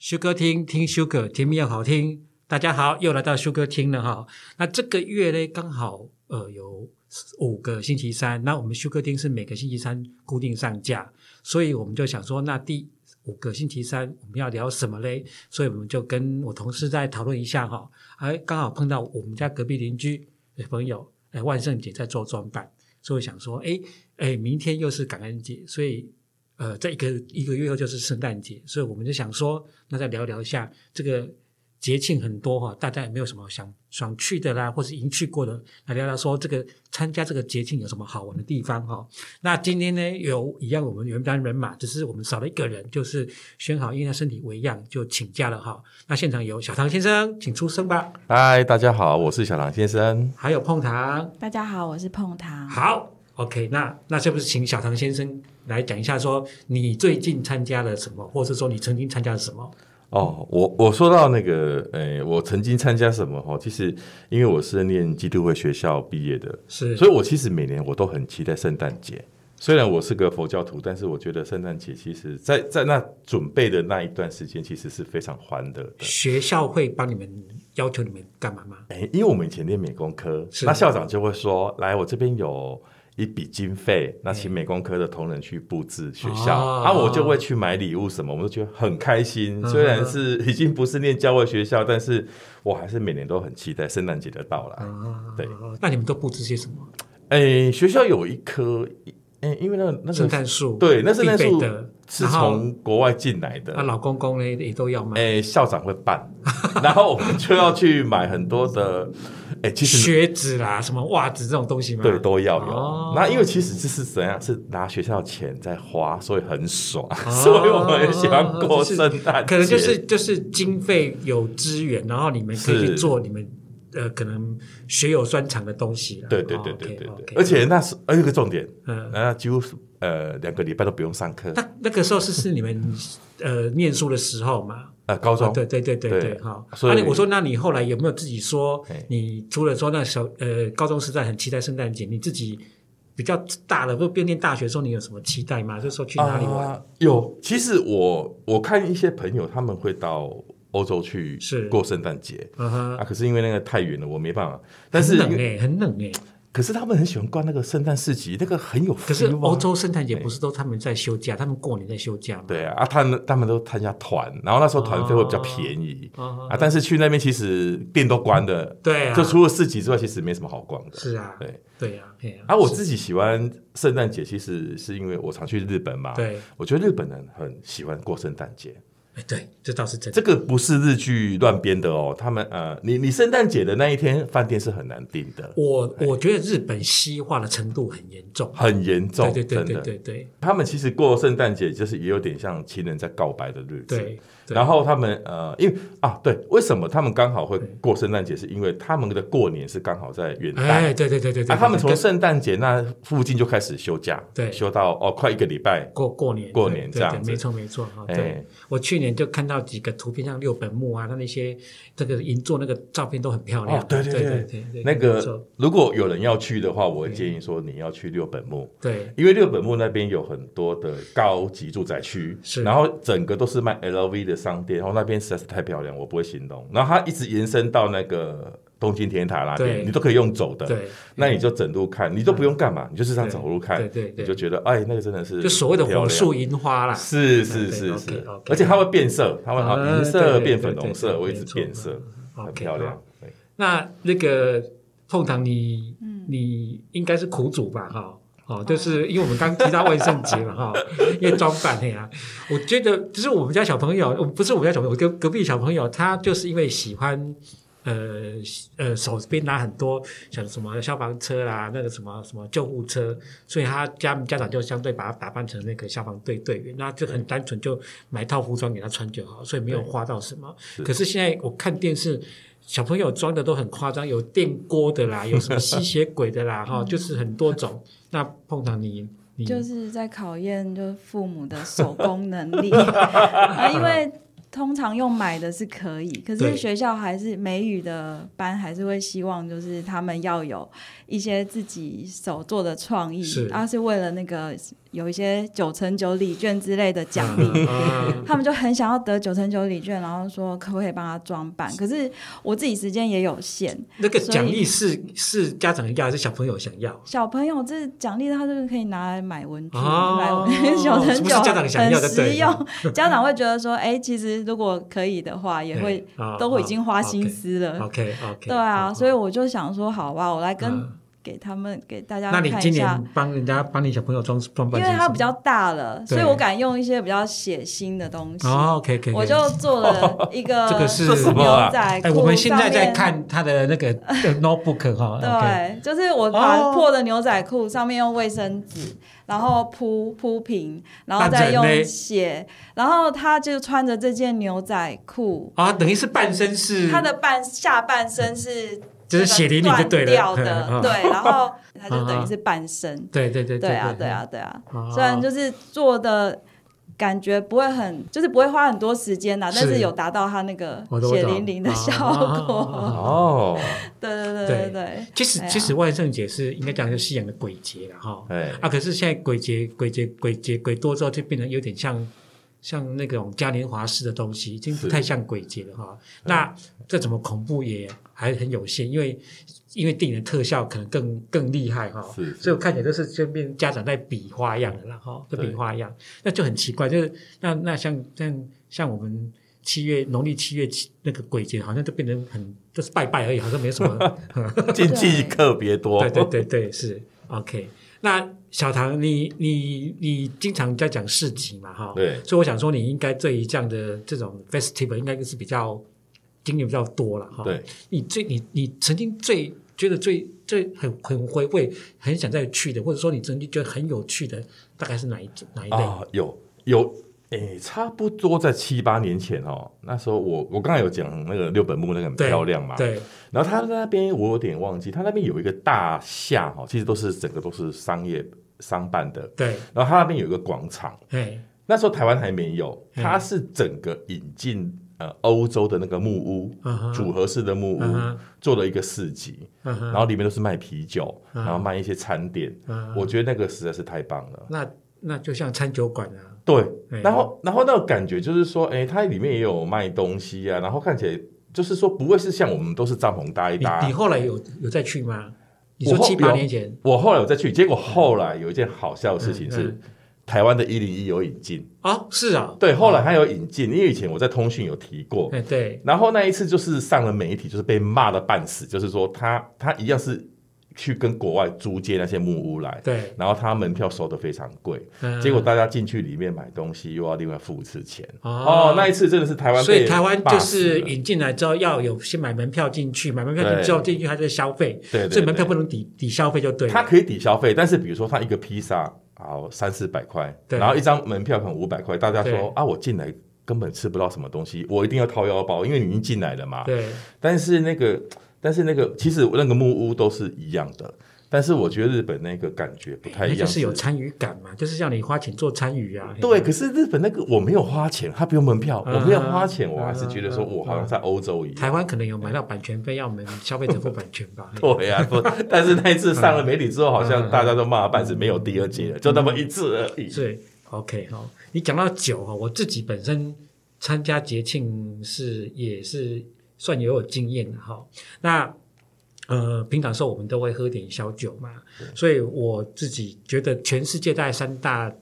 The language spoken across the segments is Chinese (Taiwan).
修歌廳聽 Sugar，甜蜜又好聽。大家好，又來到修歌廳了哈。那這個月呢，剛好呃有五個星期三。那我們修歌廳是每個星期三固定上架，所以我們就想說，那第五個星期三我們要聊什麼嘞？所以我們就跟我同事在討論一下哈。哎，剛好碰到我們家隔壁鄰居的朋友，哎，萬聖節在做裝扮，所以我想說，誒、哎哎、明天又是感恩節，所以。呃，在一個一個月後就是聖誕節，所以我們就想說，那再聊一聊一下這個節慶很多哈、哦，大家有沒有什麼想想去的啦，或是已經去過的，來聊聊說這個參加這個節慶有什麼好玩的地方哈、哦。嗯、那今天呢，有一樣我們原班人馬，只是我們少了一個人，就是軒豪，因為他身體微恙就請假了哈、哦。那現場有小糖先生，請出聲吧。嗨，大家好，我是小糖先生。還有椪糖，大家好，我是椪糖。好，OK，那那是不是請小糖先生？來講一下，說你最近參加了什麼，或者是說你曾經參加了什麼？哦，我我說到那個，誒，我曾經參加什麼？哈，其實因為我是念基督會學校畢業的，是，所以，我其實每年我都很期待聖誕節。對雖然我是個佛教徒，但是我覺得聖誕節其實在在那準備的那一段時間，其實是非常歡樂的。學校會幫你們要求你們幹嘛嗎？誒，因為我們以前念美工科，是那校長就會說：“來，我這邊有。”一筆經費，那請美工科的同仁去布置學校，欸、啊，我就會去買禮物什麼，我都覺得很開心。哦、雖然是已經不是念教會學校，嗯、哼但是我還是每年都很期待聖誕節的到來。嗯、哼對，那你們都布置些什麼？哎、欸，學校有一棵，哎、欸，因為那個那個聖誕樹，對，那是那個樹是從國外進來的，那、啊、老公公呢？也都要買，誒、欸、校長會辦， 然後我們就要去買很多的，誒、 欸、其實靴子啦、什麼襪子這種東西嘛，對，都要有。那、哦、因為其實這是怎樣，是拿學校的錢在花，所以很爽，哦、所以我們喜歡過聖誕節可能就是就是經費有資源，然後你們可以去做是你們。呃，可能學有專長的東西。對對對對對、哦、okay, okay, 而且那是還有一個重點，嗯、啊、幾乎呃兩個禮拜都不用上課。那那個時候是是你們 呃念書的時候嘛？啊、呃，高中、哦。對對對對對，好對。那、哦啊、所以我說，那你後來有沒有自己說，啊、你除了說那小呃高中時代很期待聖誕節，你自己比較大的，不變念大學的時候，你有什麼期待嗎？就說去哪裡玩？啊、有，其實我我看一些朋友他們會到。歐洲去過聖誕節，啊，可是因為那個太遠了，我沒辦法。但是很冷，很冷，可是他們很喜歡逛那個聖誕市集，那個很有。可是歐洲聖誕節不是都他們在休假，他們過年在休假嗎？對啊，啊，他們他們都參加團，然後那時候團費會比較便宜啊。但是去那邊其實店都關的，對，就除了市集之外，其實沒什麼好逛的。是啊，對對啊，我自己喜歡聖誕節，其實是因為我常去日本嘛。對，我覺得日本人很喜歡過聖誕節。對，這倒是真的。這個不是日劇亂編的哦，他們呃，你你聖誕節的那一天，飯店是很難訂的。我、欸、我覺得日本西化的程度很嚴重，很嚴重，對對對對對、對、對、對。他們其實過聖誕節，就是也有點像情人在告白的日子。對。然後他們呃，因為啊，對，為什麼他們剛好會過聖誕節？是因為他們的過年是剛好在元旦，對對對對對。他們從聖誕節那附近就開始休假，對，休到哦，快一個禮拜過過年過年這樣子，沒錯沒錯。對。我去年就看到幾個圖片，像六本木啊，他那些這個銀座那個照片都很漂亮，對對對對。那個如果有人要去的話，我建議說你要去六本木，對，因為六本木那邊有很多的高級住宅區，是，然後整個都是賣 LV 的。商店，然後那邊實在是太漂亮，我不會形容。然後它一直延伸到那個東京天塔那邊，你都可以用走的，那你就整路看，你都不用幹嘛，你就是這樣整路看，你就覺得哎，那個真的是就所謂的火樹銀花啦，是是是是，而且它會變色，它會從銀色變粉紅色，我一直變色，很漂亮。那那個椪糖，你你應該是苦主吧，哈？哦，就是因為我們剛提到萬聖節嘛，哈， 因為裝扮呀，啊，我覺得就是我們家小朋友，不是我們家小朋友，隔隔壁小朋友，他就是因為喜歡。呃呃，手邊拿很多，像什麼消防車啦，那個什麼什麼救護車，所以他家家長就相對把他打扮成那個消防隊隊員，那就很單純，就買套服裝給他穿就好，所以沒有花到什麼。對可是現在我看電視，小朋友裝的都很誇張，有電鍋的啦，有什麼吸血鬼的啦，哈， 就是很多種。那碰到你，你就是在考驗就是父母的手工能力， 啊，因為。通常用買的是可以，可是學校還是美語的班還是會希望，就是他們要有，一些自己手做的創意，他是為了那個有一些九成九禮券之類的獎勵，他們就很想要得九成九禮券，然後說可不可以幫他裝扮？可是我自己時間也有限。那個獎勵是是家長要還是小朋友想要？小朋友這獎勵他是不是可以拿來買文具，買文具，九成九，很實用。家長會覺得說，哎，其實如果可以的話，也會都已經花心思了。OK OK，對啊，所以我就想說，好吧，我來跟。給他們，給大家看一下，那你今年幫人家幫你小朋友裝裝扮，因為他比較大了，對所以我敢用一些比較血腥的東西。Oh, OK，OK，、okay, okay, okay. 我就做了一個，這個是牛仔褲、 啊、欸、我們現在在看他的那個 notebook 哈。 對，Okay. 就是我把破的牛仔褲上面用衛生紙，oh. 然後鋪鋪平，然後再用血， 然後他就穿着這件牛仔褲啊，oh, 等於是半身是他的半下半身是。就是血淋淋就對了，掉的，對，然後它就等於是半身，對對對對啊對啊對啊，雖然就是做的感覺不會很，就是不會花很多時間吶，但是有達到它那個血淋淋的效果。哦，對對對對對，其實其實萬聖節是應該講是西洋的鬼節啦哈，哎啊可是現在鬼節鬼節鬼節鬼多之後就變成有點像。像那種嘉年華式的東西，已經不太像鬼節了哈。是那是這怎麼恐怖也還很有限，因為因為電影的特效可能更更厲害哈，所以我看起來都是就變家長在比花樣了哈，在比是、嗯哦、花樣，對那就很奇怪，就是那那像像像我們七月農曆七月七那個鬼節，好像都變成很都是拜拜而已，好像沒什麼禁忌特別多，對對對對，對，是 OK 那。小糖，你你你經常在講市集嘛，哈，對，所以我想說，你應該對於這樣的這種 festival 應該就是比較經驗比較多了，哈，對，你最你你曾經最覺得最最很很回味，會很想再去的，或者說你曾經覺得很有趣的，大概是哪一哪一類？有、啊、有，哎、欸，差不多在七八年前哦，那時候我我剛才有講那個六本木那個很漂亮嘛，對，對，然後他那邊我有點忘記，他那邊有一個大廈哈、哦，其實都是整個都是商業。商辦的，對，然後他那邊有一個廣場，對，那時候台灣還沒有，它是整個引進呃歐洲的那個木屋，組合式的木屋，做了一個市集，然後裡面都是賣啤酒，然後賣一些餐點，我覺得那個實在是太棒了，那那就像餐酒館啊，對，然後然後那個感覺就是說，哎，它裡面也有賣東西啊，然後看起來就是說不會是像我們都是帳篷搭一搭，你後來有有再去嗎？你說七八年前我，我後來有再去，結果後來有一件好笑的事情是，嗯嗯、台灣的“一零一”有引進啊，是啊，對，後來還有引進，嗯、因為以前我在通訊有提過，對、嗯、對，然後那一次就是上了媒體，就是被罵得半死，就是說他他一樣是。去跟國外租借那些木屋來，對，然後他門票收得非常貴，嗯，結果大家進去裡面買東西又要另外付一次錢。哦，哦，那一次真的是台灣，所以台灣就是引進來之後要有先買門票進去，買門票進去之後進去還在消費，對所以門票不能抵，對對對，抵消費就對了。他可以抵消費，但是比如說他一個披薩啊三四百塊，對然後一張門票可能五百塊，大家說對啊，我進來根本吃不到什麼東西，我一定要掏腰包，因為你已經進來了嘛。對，但是那個。但是那個其實那個木屋都是一樣的，但是我覺得日本那個感覺不太一樣，就是有參與感嘛，就是讓你花錢做參與啊。對，可是日本那個我沒有花錢，他不用門票，我不要花錢，我還是覺得說我好像在歐洲一樣。台灣可能有買到版權費要我們消費者付版權吧？對啊，不，但是那一次上了媒體之後，好像大家都罵了半死，沒有第二季了，就那麼一次而已。對，OK 好，你講到酒哈，我自己本身參加節慶是也是。算也有經驗的哈，那呃，平常的時候我們都會喝點小酒嘛，哦、所以我自己覺得全世界大概三大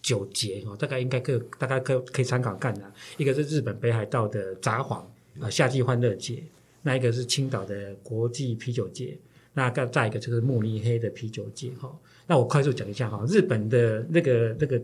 酒節哦，大概應該可以，大概可以可以參考看的，一個是日本北海道的札幌夏季歡樂節，那一個是青島的國際啤酒節，那再一個就是慕尼黑的啤酒節哈。那我快速講一下哈，日本的那個那個，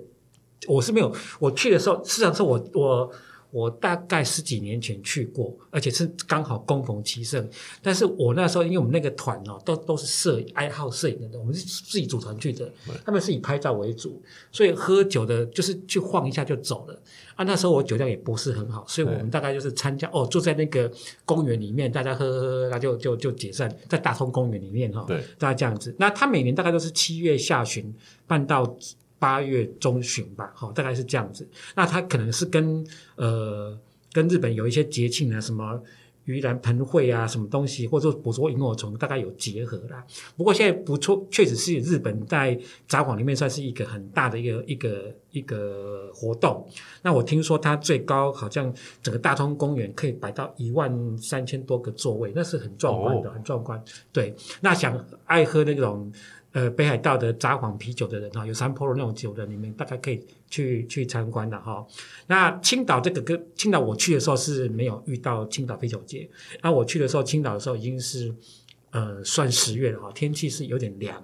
我是沒有我去的時候，事實上是我我。我我大概十幾年前去過，而且是剛好恭逢其盛。但是我那時候，因為我們那個團哦，都都是攝影愛好攝影的，我們是自己組團去的，他們是以拍照為主，所以喝酒的，就是去晃一下就走了。啊，那時候我酒量也不是很好，所以我們大概就是參加，對哦，坐在那個公園裡面，大家喝喝喝，那就就就解散，在大通公園裡面哈，對，大概這樣子。對那他每年大概都是七月下旬辦到。八月中旬吧，好、哦，大概是這樣子。那它可能是跟呃跟日本有一些節慶啊，什麼盂蘭盆會啊，什麼東西，或者捕捉螢火蟲，大概有結合啦。不過現在不錯，確實是日本在札幌裡面算是一個很大的一個一個一個活動。那我聽說它最高好像整個大通公園可以擺到一萬三千多個座位，那是很壯觀的，哦、很壯觀。對，那想愛喝那種。呃，北海道的札幌啤酒的人哈，有三泡那種酒的，你們大概可以去去參觀的哈，哦。那青島這個跟青島我去的時候是沒有遇到青島啤酒節，那我去的時候青島的時候已經是呃算十月了哈，哦，天氣是有點涼了，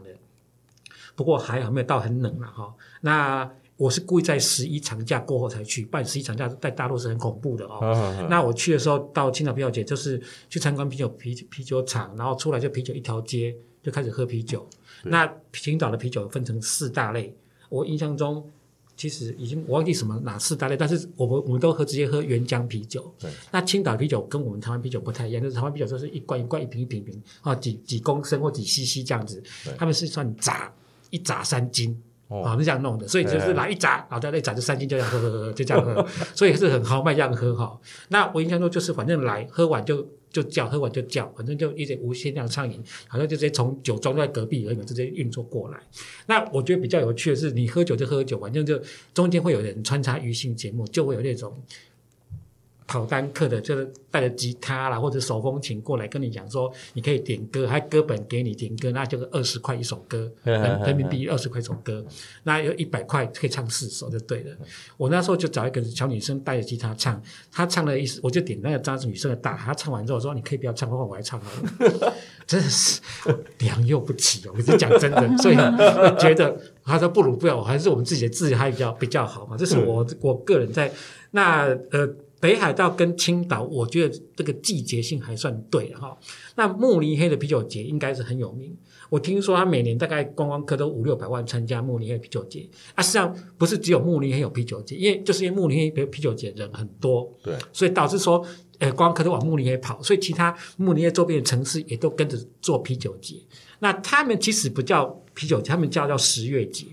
不過還好沒有到很冷了哈，哦。那我是故意在十一長假過後才去，不然十一長假在大陸是很恐怖的哦。呵呵呵，那我去的時候到青島啤酒節，就是去參觀啤酒啤酒啤酒廠，然後出來就啤酒一條街。就開始喝啤酒。對那青島的啤酒分成四大類，我印象中其實已經我忘記什麼哪四大類，但是我們我們都喝直接喝原漿啤酒。對那青島啤酒跟我們台灣啤酒不太一樣，就是台灣啤酒就是一罐一罐，一瓶一瓶一瓶啊、哦、幾幾公升或幾 CC 這樣子，對他們是算炸，一炸三斤啊、哦哦、是這樣弄的，所以就是來一炸、哦，然後再炸砸就三斤，就這樣喝喝喝，就這樣喝， 所以是很豪邁這樣喝哈、哦。那我印象中就是反正來喝完就。就叫喝完就叫，反正就一直無限量暢飲，好像就直接從酒莊在隔壁而已，直接運作過來。那我覺得比較有趣的是，你喝酒就喝酒，反正就中間會有人穿插餘興節目，就會有那種。跑單客的就是帶着吉他啦或者手風琴過來跟你講說，你可以點歌，還歌本給你點歌，那就是二十塊一首歌， 呃、人民幣二十塊一首歌，那有一百塊可以唱四首就對了。 我那時候就找一個小女生帶着吉他唱，她唱了一首，我就點那個當時女生的大，她唱完之後說你可以不要唱，我來唱 真的是良莠不齊哦，我是講真的， 所以覺得他說不如不要，還是我們自己的自己還比較比較好嘛，這是我 我個人在那呃。北海道跟青島，我覺得這個季節性，還算對哈。那慕尼黑的啤酒節應該是很有名，我聽說他每年大概觀光客都五六百萬參加慕尼黑啤酒節。啊，實際上不是只有慕尼黑有啤酒節，因為就是因為慕尼黑啤酒節人很多，對，所以導致說，呃、欸，觀光客都往慕尼黑跑，所以其他慕尼黑周邊的城市也都跟着做啤酒節。那他們其實不叫啤酒節，他們叫叫十月節。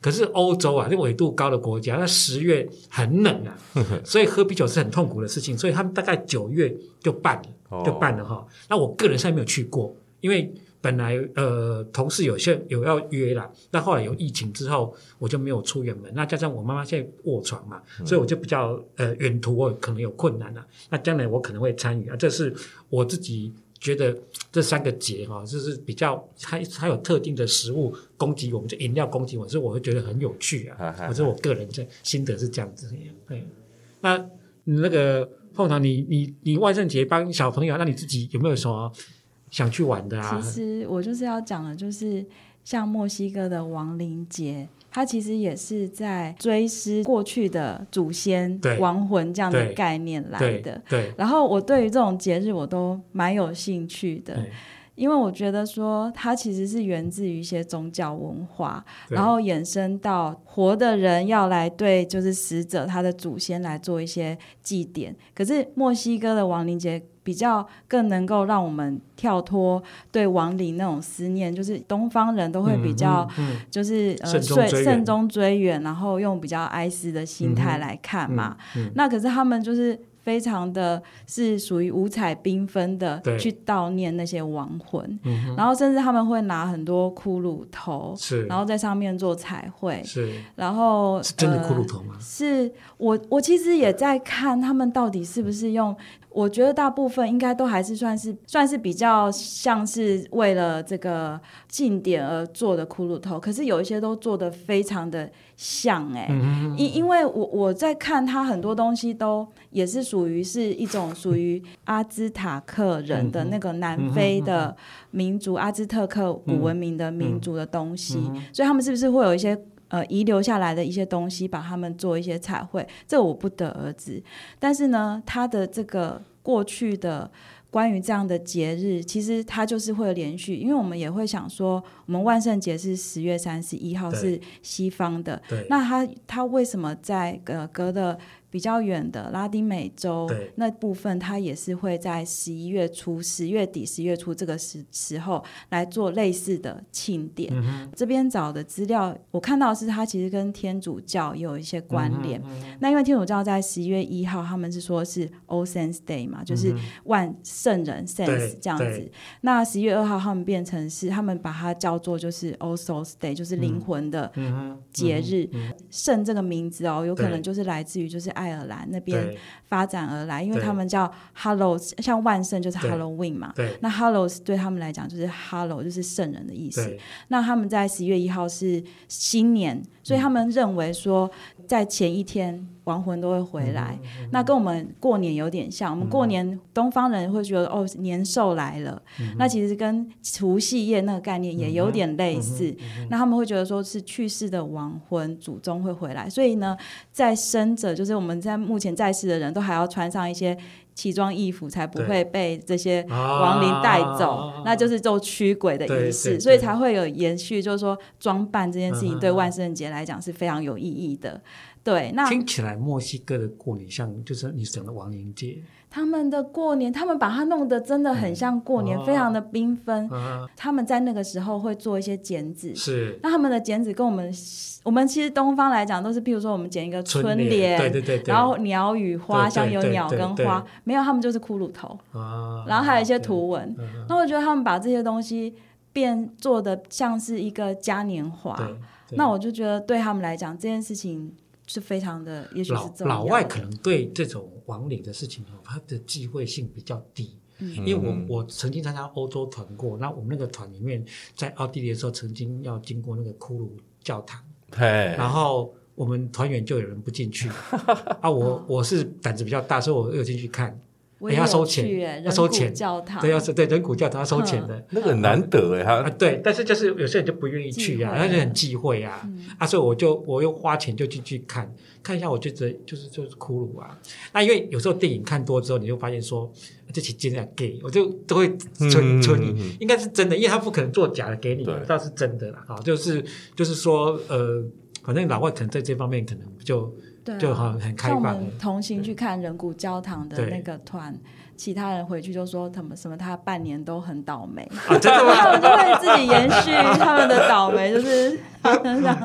可是歐洲啊，這緯度高的國家，那十月很冷啊， 所以喝啤酒是很痛苦的事情，所以他們大概九月就辦了，就辦了哈。哦、那我個人現在沒有去過，因為本來呃同事有些有要約了，但後來有疫情之後，我就沒有出遠門。那加上我媽媽現在臥床嘛，嗯、所以我就比較呃遠途我可能有困難了、啊。那將來我可能會參與啊，這是我自己覺得這三個節哈、啊，就是比較它它，有特定的食物攻擊我們，就飲料攻擊我們，所以我會覺得很有趣啊。我、啊、是我個人的心得是這樣子。對，那那個椪糖你你你萬聖節幫小朋友，那你自己有沒有什麼想去玩的啊？其實我就是要講的，就是像墨西哥的亡靈節。他其實也是在追思過去的祖先亡魂這樣的概念來的。對，對對對，然後我對於這種節日我都蠻有興趣的。因為我覺得說，它其實是源自於一些宗教文化，對然後衍生到活的人要來對，就是死者他的祖先來做一些祭典。可是墨西哥的亡靈節比較更能夠讓我們跳脫對亡靈那種思念，就是東方人都會比較，就是呃最，嗯嗯嗯、慎終追，追遠，然後用比較哀思的心態來看嘛。嗯嗯嗯、那可是他們就是。非常的是屬於五彩繽紛的，去悼念那些亡魂，嗯、然後甚至他們會拿很多骷髏頭，是然後在上面做彩繪，是然後是真的骷髏頭嗎？呃、是我，我其實也在看他們到底是不是用。我覺得大部分應該都還是算是算是比較像是為了這個慶典而做的骷髏頭，可是有一些都做得非常的像哎、欸，嗯、哼因因為我我在看他很多東西都也是屬於是一種屬於阿茲塔克人的那個南非的民族、嗯嗯嗯、阿茲特克古文明的民族的東西，嗯嗯、所以他們是不是會有一些？呃，遺留下來的一些東西，把他們做一些彩繪，這我不得而知。但是呢，他的這個過去的關於這樣的節日，其實他就是會連續，因為我們也會想說，我們萬聖節是十月三十一號，對是西方的，對那他他為什麼在呃隔的？比較遠的拉丁美洲對那部分，它也是會在十一月初、十月底、十月初這個時時候來做類似的慶典。嗯、哼這邊找的資料，我看到是它其實跟天主教有一些關聯。嗯、哼那因為天主教在十一月一號，他們是說是 All Saints Day 嘛，就是萬聖人 Saints 這樣子。嗯、那十一月二號，他們變成是他們把它叫做就是 All Souls Day，就是靈魂的節日。聖、嗯嗯嗯、這個名字哦，有可能就是來自於就是。愛爾蘭那邊發展而來，對因為他們叫 Hallows，像萬聖就是 Halloween 嘛。對對，那 Hallows 對他們來講就是 Hello，就是聖人的意思。對那他們在十一月一號是新年，所以他們認為說在前一天。亡魂都會回來，嗯、哼那跟我們過年有點像。嗯、哼我們過年，東方人會覺得哦，年獸來了。嗯、哼那其實跟除夕夜那個概念也有點類似。嗯、哼那他們會覺得說是去世的亡魂、嗯、哼祖宗會回來。所以呢，在生者就是我們在目前在世的人都還要穿上一些奇裝異服，才不會被這些亡靈帶走。對那就是做驅鬼的儀式，所以才會有延續，就是說裝扮這件事情、嗯、哼對，對萬聖節來講是非常有意義的。對，那聽起來墨西哥的過年像就是你講的亡靈節，他們的過年，他們把它弄得真的很像過年，非常的繽紛。他們在那個時候會做一些剪紙，是那他們的剪紙跟我們我們其實東方來講都是，譬如說我們剪一個春聯，然後鳥語花香像有鳥跟花，沒有他們就是骷髏頭，啊，然後還有一些圖文。那我覺得他們把這些東西變做的像是一個嘉年華，那我就覺得對他們來講這件事情，是非常的，也許是這樣，老老外可能對這種亡靈的事情，嗯、他的忌諱性比較低。嗯，因為我我曾經參加歐洲團過，那我們那個團裡面在奧地利的時候，曾經要經過那個骷髏教堂，嘿然後我們團員就有人不進去， 啊，我我是膽子比較大，所以我有進去看。人家，欸、收錢，要收錢，對，要收對，人骨教堂要收錢的，那個很難得誒，他對，但是就是有些人就不願意去啊，他就很忌諱啊，嗯、啊，所以我就我又花錢就進去看看一下，我覺得就是就是骷髏啊，那因為有時候電影看多之後，你就發現說，這其實真的給，我就都會存存你，嗯嗯嗯嗯應該是真的，因為他不可能做假的給你，那對是真的啦，好，就是就是說呃，反正老外可能在這方面可能就。對就很很開放。像我們同行去看人骨教堂的那個團，其他人回去就說他們什麼他半年都很倒霉，啊、真的嗎？ 他們就會自己延續他們的倒霉，就是。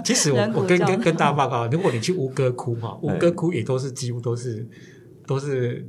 其實我，我跟跟跟大家報告，如果你去吳哥窟嘛，吳哥窟也都是幾乎都是都是。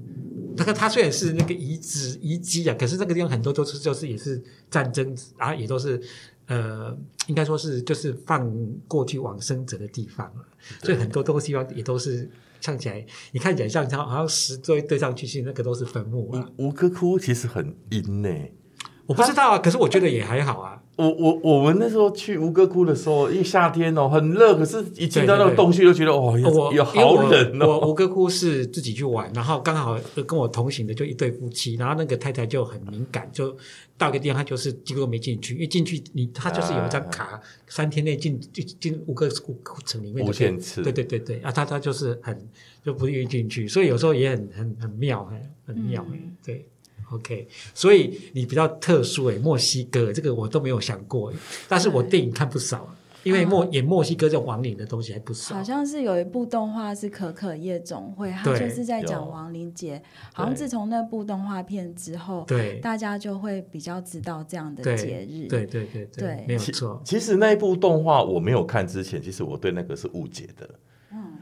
那個它雖然是那個遺址遺跡啊，可是那個地方很多都是就是也是戰爭啊，也都是呃，應該說是就是放過去往生者的地方、啊，對所以很多東西啊也都是唱起來，你看起來像像好像石堆堆上去，其實那個都是墳墓啊。吳哥窟其實很陰呢、欸，啊、我不知道，啊，可是我覺得也還好啊。我我我們那時候去吳哥窟的時候，一夏天哦很熱，可是一進到那個洞穴就覺得哇、哦，有有好冷哦。我，我，我吳哥窟是自己去玩，然後剛好跟我同行的就一對夫妻，然後那個太太就很敏感，就到一個地方，她就是幾乎沒進去。一進去你，她就是有一張卡，啊、三天內進進進吳哥窟城裡面無限次。對對對對啊，她她就是很就不願意進去，所以有時候也很很很妙，很很妙，嗯、對。OK，所以你比較特殊哎，欸，墨西哥，欸，這個我都沒有想過，欸，但是我電影看不少，因為墨演墨西哥這亡靈的東西還不少啊。好像是有一部動畫是《可可夜總會》對，它就是在講亡靈節。有好像自從那部動畫片之後，對大家就會比較知道這樣的節日對。對對對對，對沒有錯。其實那部動畫我沒有看之前，其實我對那個是誤解的。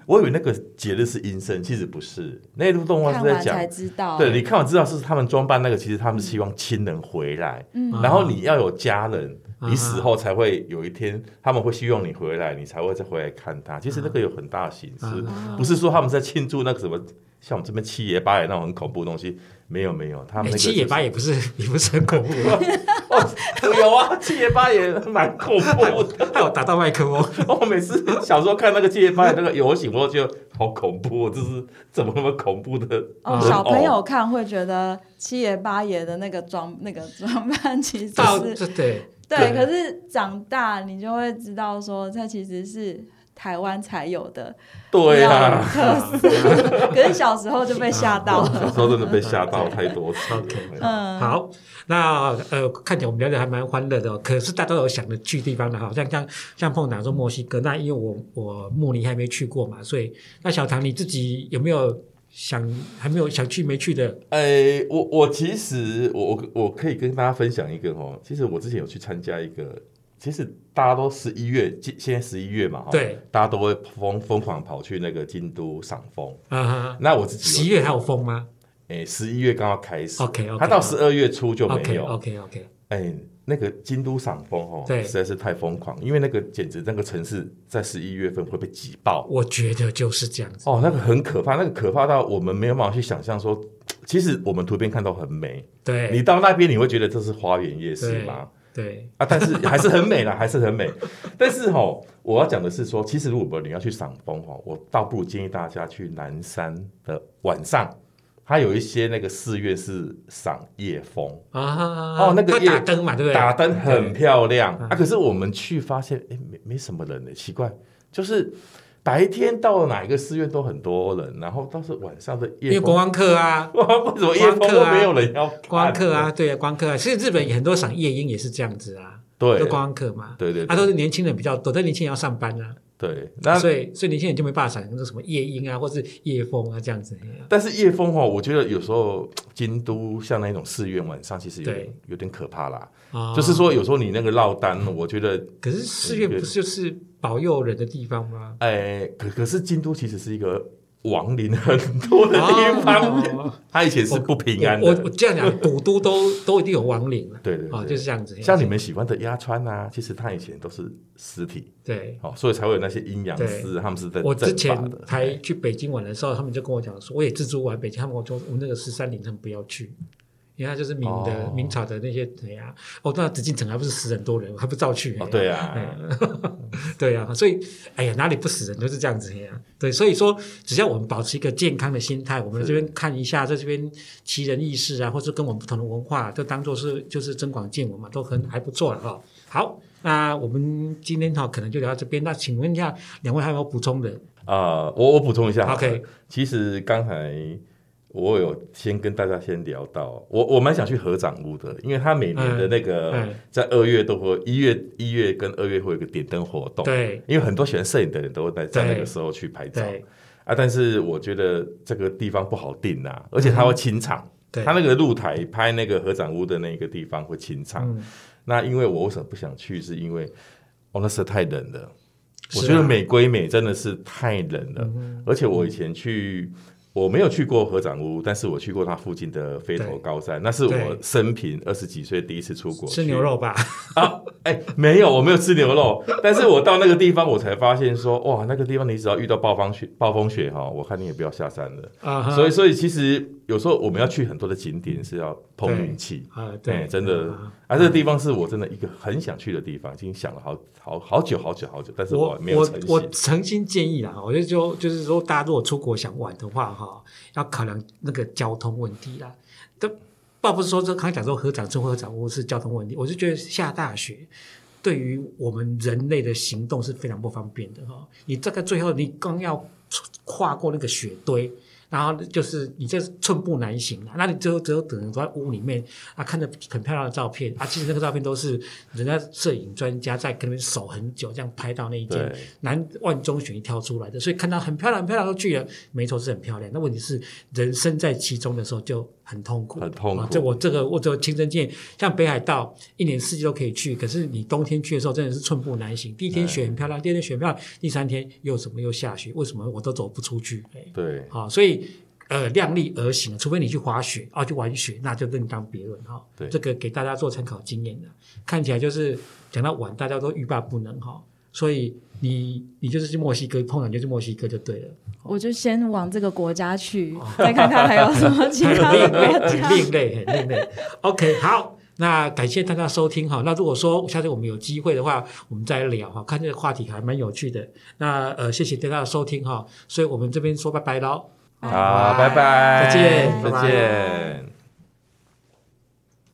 我以為那個節日是陰森，其實不是。那部、個、動畫是在講，欸、對，你看完知道是他們裝扮那個，其實他們希望親人回來。嗯、然後你要有家人，嗯、你死後才會有一天、嗯、他們會希望你回來，你才會再回來看他。其實這個有很大的形式，嗯、不是說他們在慶祝那個什麼。像我們這邊七爺八爺那種很恐怖的東西，沒有沒有，他們、就是欸、七爺八爺不是也不是很恐怖我、 哦、有啊，七爺八爺蠻恐怖 還有打到麥克風、哦《大 盜我每次小時候看那個七爺八爺那個遊行，我就覺得好恐怖、哦，這是怎麼那麼恐怖的、哦？小朋友看會覺得七爺八爺的那個裝那個裝扮其實是對但對，對可是長大你就會知道說這其實是。台灣才有的，對啦、啊、 可是小時候就被嚇到了、 啊啊啊。小時候真的被嚇到太多了。嗯，好，那呃，看起來我們聊得還蠻歡樂的。可是大家都有想着去地方的，好像像像椪糖說墨西哥，那因為我我慕尼黑還沒去過嘛，所以那小唐你自己有沒有想還沒有想去沒去的？哎、欸，我我其實我我我可以跟大家分享一個哦，其實我之前有去參加一個。其實大家都十一月，現在十一月嘛、哦，對，大家都會瘋瘋狂跑去那個京都賞楓。Uh、huh, 那我自己十一月還有楓嗎？哎，十一月剛剛開始他 Okay, okay, 它到十二月初就沒有，OK OK, okay, okay. 那個京都賞楓哦，對實在是太瘋狂，因為那個簡直那個城市在十一月份會被擠爆。我覺得就是這樣子。哦，那個很可怕，那個可怕到我們沒有辦法去想象說，其實我們圖片看到很美，對你到那邊你會覺得這是花園夜市嗎？對 啊，但是還是很美啦，還是很美。但是哈、哦，我要講的是說，其實如果我你要去賞楓哈，我倒不如建議大家去嵐山的晚上，它有一些那個寺院是賞夜楓啊，啊啊哦那個夜打燈嘛，對不對？打燈很漂亮對啊，可是我們去發現，哎，沒沒什麼人呢，奇怪，就是。白天到哪一個寺院都很多人，然後倒是晚上的夜，因為觀光客啊，為什麼夜楓都沒有人要？觀光客啊，對，觀光客啊。其實日本也很多賞夜鶯也是這樣子啊，都觀光客嘛，對對，他都是年輕人比較，多，但年輕人要上班啊，對，那所以所以年輕人就沒辦法賞那種什麼夜鶯啊，或是夜楓啊這樣子。但是夜楓哦，我覺得有時候京都像那種寺院晚上其實有有點可怕啦，就是說有時候你那個落單，我覺得可是寺院不就是。保佑人的地方嗎？可、欸、可是京都其實是一個亡靈很多的地方他、啊、以前是不平安的。我，我，我，我這樣講，古都都都一定有亡靈。 對對啊對、哦，就是這樣子，這樣子。像你們喜歡的鴨川啊，其實他以前都是屍體。對、哦，所以才會有那些陰陽師，對他們是在我之前才去北京玩的時候，對他們就跟我講說，我也自助玩北京，他們我就我那個十三陵，他們不要去。你看，就是明的、哦、明朝的那些對呀、啊，哦，到紫禁城還不是死很多人，還不照去？對呀、哦，對呀，所以哎呀，哪裡不死人都、就是這樣子呀、啊。對，所以說，只要我們保持一個健康的心態，我們這邊看一下，在這邊奇人異事啊，是或者跟我們不同的文化、啊，就當做是就是增廣見聞嘛，都很、嗯、還不錯了哈、哦。好，那我們今天哈、哦、可能就聊到這邊。那請問一下，兩位還有沒有補充的？啊、呃，我我補充一下。OK，、嗯、其實剛才。我有先跟大家先聊到，我我蠻想去合掌屋的，因為他每年的那個在二月都會一月一月跟二月會有個點燈活動，對，因為很多喜歡攝影的人都會在那個時候去拍照，啊，但是我覺得這個地方不好定吶、啊，而且它會清場，嗯、它那個露台拍那個合掌屋的那個地方會清場，對那因為我為什麼不想去，是因為我、哦、那時候太冷了，啊、我覺得美歸美，真的是太冷了，嗯、哼而且我以前去。我沒有去過合掌屋，但是我去過它附近的飛驒高山，對那是我生平二十幾歲第一次出國吃牛肉吧？啊、欸，沒有，我沒有吃牛肉， 但是我到那個地方，我才發現說，哇，那個地方你只要遇到暴風雪，暴風雪哈，我看你也不要下山了。Uh huh. 所以，所以其實。有時候我們要去很多的景點，是要碰運氣啊，對，欸、對真的。而對、啊、這個地方是我真的一個很想去的地方，對已經想了好好好久好久好久。但是我沒有我序我，我曾經建議啦，我就說，就是說，大家如果出國想玩的話，哈，要考量那個交通問題啦。這倒不是說這剛才講說合，合掌村或合掌屋是交通問題，我就覺得下大雪對於我們人類的行動是非常不方便的哈。你這個最後你剛要跨過那個雪堆。然後就是你這是寸步難行啊，那你最後只有等在屋裡面啊，看着很漂亮的照片啊，其實那個照片都是人家攝影專家在跟守很久，這樣拍到那一件難對萬中選一挑出來的，所以看到很漂亮、很漂亮都去了，沒錯，是很漂亮。那問題是人身在其中的時候就。很痛苦，很痛苦、哦。這我這個我個青森縣，像北海道一年四季都可以去，可是你冬天去的時候，真的是寸步難行。第一天雪很漂亮，嗯、第二天雪很漂亮，第三天又什麼又下雪，為什麼我都走不出去？對，好對、哦，所以呃，量力而行，除非你去滑雪啊、哦，去玩雪，那就另當別論哈。哦、對，這個給大家做參考經驗的，看起來就是講到晚，大家都欲罷不能哈。哦所以你你就是去墨西哥碰上就是墨西哥就對了，我就先往這個國家去，再看看還有什麼其他的國家。 另類很、欸、另類 ，OK，好，那感謝大家收聽哈。那如果說下次我們有機會的話，我們再聊哈。看這個話題還蠻有趣的。那呃，謝謝大家的收聽哈。所以我們這邊說拜拜嘍。好，拜拜，再見，再見拜。拜拜。